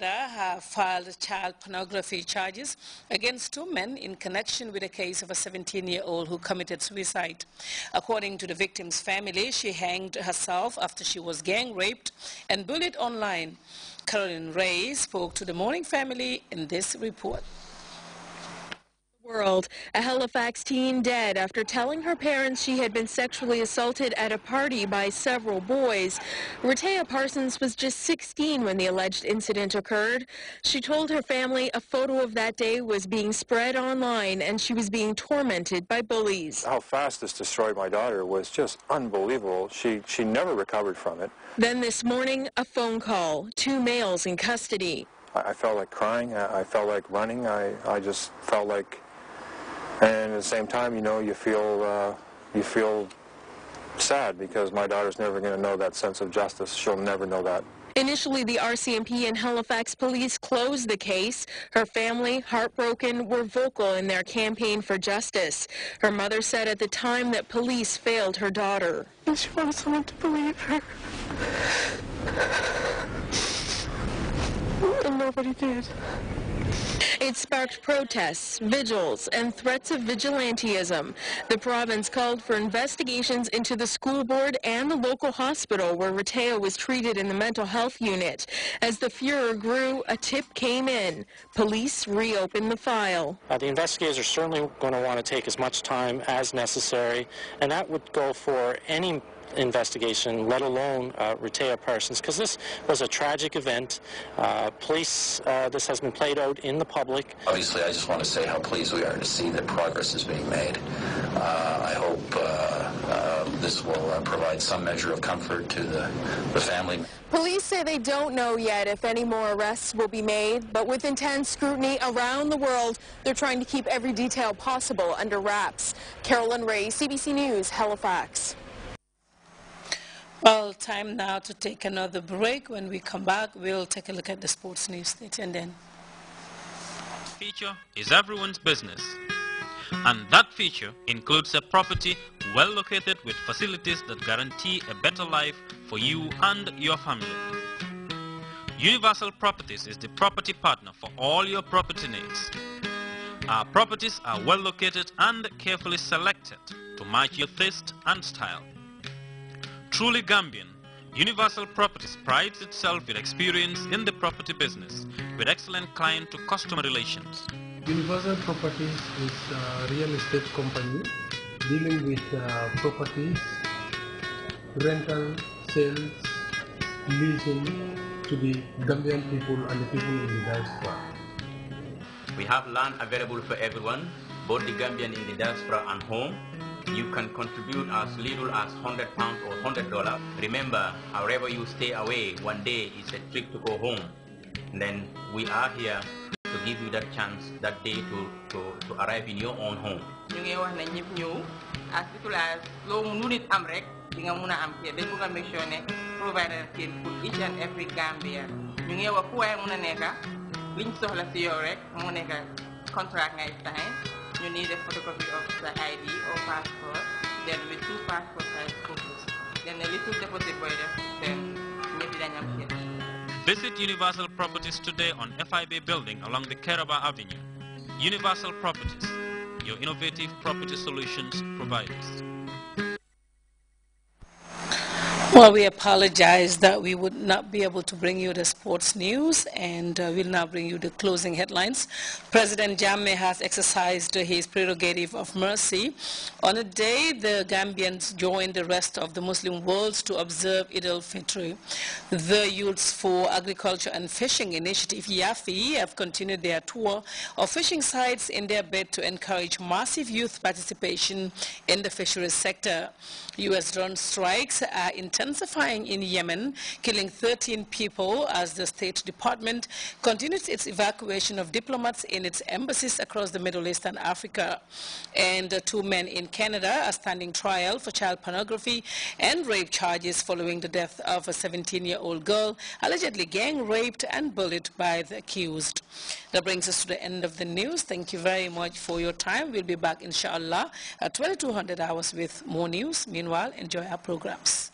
have filed child pornography charges against two men in connection with a case of a 17-year-old who committed suicide. According to the victim's family, she hanged herself after she was gang raped and bullied online. Carolyn Ray spoke to the Morning Family in this report a Halifax teen dead after telling her parents she had been sexually assaulted at a party by several boys. Retea Parsons was just 16 when the alleged incident occurred. She told her family a photo of that day was being spread online and she was being tormented by bullies. How fast this destroyed my daughter was just unbelievable. She, she never recovered from it. Then this morning, a phone call, two males in custody. I, felt like crying. I, felt like running. I, I just felt like and at the same time, you know, you feel, uh, you feel sad because my daughter's never going to know that sense of justice. She'll never know that. Initially, the RCMP and Halifax police closed the case. Her family, heartbroken, were vocal in their campaign for justice. Her mother said at the time that police failed her daughter. She wants someone to believe her. And nobody did. It sparked protests, vigils, and threats of vigilantism. The province called for investigations into the school board and the local hospital where Rateo was treated in the mental health unit. As the furor grew, a tip came in. Police reopened the file. Uh, the investigators are certainly going to want to take as much time as necessary, and that would go for any investigation, let alone uh, Parsons, because this was a tragic event. Uh, police, uh, this has been played out in the public. Obviously, I just want to say how pleased we are to see that progress is being made. Uh, I hope uh, um, this will uh, provide some measure of comfort to the, the family. Police say they don't know yet if any more arrests will be made, but with intense scrutiny around the world, they're trying to keep every detail possible under wraps. Carolyn Ray, CBC News, Halifax. Well, time now to take another break. When we come back, we'll take a look at the sports news. Stay tuned in. Feature is everyone's business. And that feature includes a property well located with facilities that guarantee a better life for you and your family. Universal Properties is the property partner for all your property needs. Our properties are well located and carefully selected to match your taste and style. Truly Gambian, Universal Properties prides itself with experience in the property business with excellent client-to-customer relations. Universal Properties is a real estate company dealing with uh, properties, rental, sales, leasing to the Gambian people and the people in the diaspora. We have land available for everyone, both the Gambian in the diaspora and home, you can contribute as little as 100 pounds or 100 dollars. Remember, however you stay away, one day is a trip to go home. And then we are here to give you that chance that day to, to, to arrive in your own home. As little as low munit am rek, nga muna am kaya. They buga make sure ne provider kid for each and every Gambian. Ñu ngi wax fu waay muna nekka, liñ soxla ci yow rek mu nekka contract ngay sign you need a photocopy of the ID or passport, then with two passport size photos, then a little deposit border, then mm. maybe then I'm here. Visit Universal Properties today on FIB building along the Keraba Avenue. Universal Properties, your innovative property solutions providers. Well, we apologize that we would not be able to bring you the sports news and uh, we'll now bring you the closing headlines. President Jammeh has exercised his prerogative of mercy. On a day, the Gambians joined the rest of the Muslim world to observe Eid al-Fitr. The Youths for Agriculture and Fishing Initiative, YAFI, have continued their tour of fishing sites in their bid to encourage massive youth participation in the fisheries sector. U.S. drone strikes are intense intensifying in Yemen, killing 13 people as the State Department continues its evacuation of diplomats in its embassies across the Middle East and Africa. And uh, two men in Canada are standing trial for child pornography and rape charges following the death of a 17-year-old girl allegedly gang raped and bullied by the accused. That brings us to the end of the news. Thank you very much for your time. We'll be back, inshallah, at 2200 hours with more news. Meanwhile, enjoy our programs.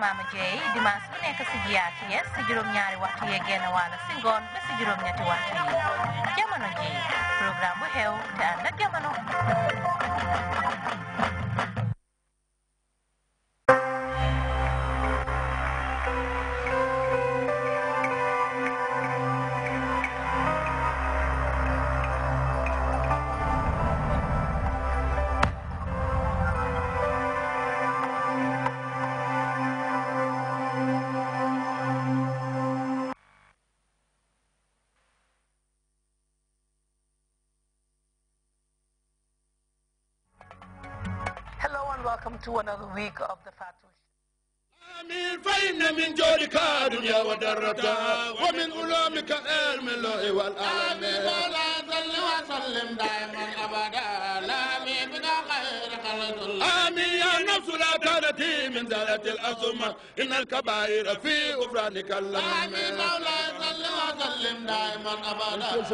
Mama Dieye dimanche bu nekk si jiyaa ci si juróom-ñaari waxtu yee genn wàll si si juróom-ñetti waxtu yi jamono ji programme bu xew te ànd ak jamono and welcome to another week of the Fatul آمين فإن من جودك دنيا ودرتها ومن علومك علم الله والأعلام ولا صل وسلم دائما أبدا لا من بك خير خلق الله آمين يا نفس لا تدري من زالت الأصمة إن الكبائر في أفرانك الله آمين مولاي صل وسلم دائما أبدا على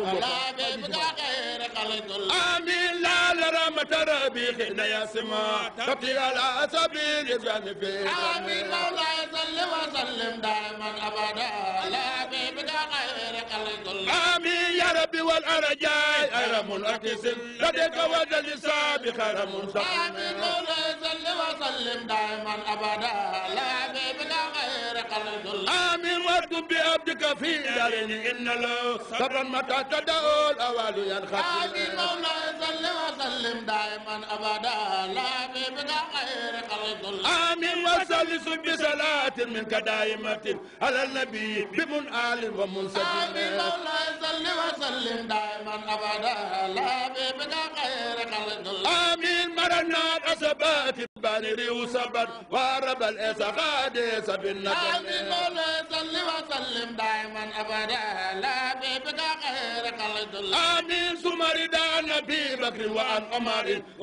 غير خير الله آمين لا لرحمة ربي خينا حين يسمع تبكي على سبيل الجنة آمين مولاي صل وسلم دائما أبدا على غيرك لكل آمين يا ربي والأرجاء خرم أكسل لديك وجل سابق خرم آمين مولاي صل وسلم دائما أبدا لا حبيبنا غيرك لكل آمين وارجو بأ عبدك في دارين إن الله صبرا متى تدعو الأوالي ينخفض آمين مولاي صل وسلم دائما أبدا لا بك خير خلق الله آمين وسلم بصلاة منك دائمة على النبي بمن آل ومنسجم آمين مولاي صل وسلم دائما أبدا لا بك خير خلق الله آمين مرنا الأسبات بني ريو سبت وارب الاسقاد سبنا آمين مولاي صل وسلم دائما أبدا لا بيبك غيرك الله آمين سمر دان نبي بكر وعن عمر